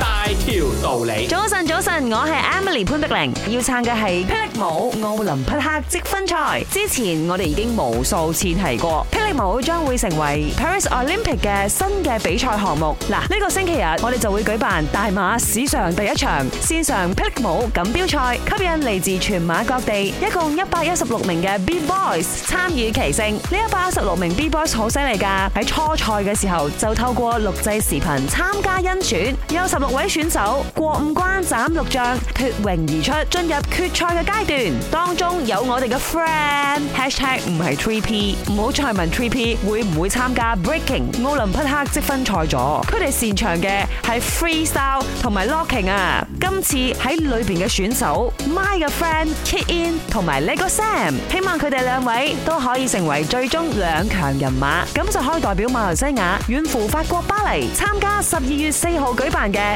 大條道理，早晨早晨，我係 Emily 潘碧玲，要撐嘅係霹靂舞奧林匹克積分賽。之前我哋已經無數次提過，霹靂舞將會成為 Paris Olympic 嘅新嘅比賽項目。嗱，呢個星期日我哋就會舉辦大馬史上第一場線上霹靂舞錦標賽，吸引嚟自全馬各地一共一百一十六名嘅 B-Boys 參與其勝。呢一百一十六名 B-Boys 好犀利㗎，喺初賽嘅時候就透過錄製視頻參加甄選，有十六各位選手過五關斬六將，脱穎而出進入決賽嘅階段。當中有我哋嘅 friend hashtag，唔係 three P，唔好再問 three P 會唔會參加 Breaking 奧林匹克積分賽咗。佢哋擅長嘅係 freestyle 同埋 locking 啊。今次喺裏邊嘅選手，my 嘅 friend Kit In 同埋呢個 Sam，希望佢哋兩位都可以成為最終兩強人馬，咁就可以代表馬來西亞遠赴法國巴黎參加十二月四號舉辦嘅。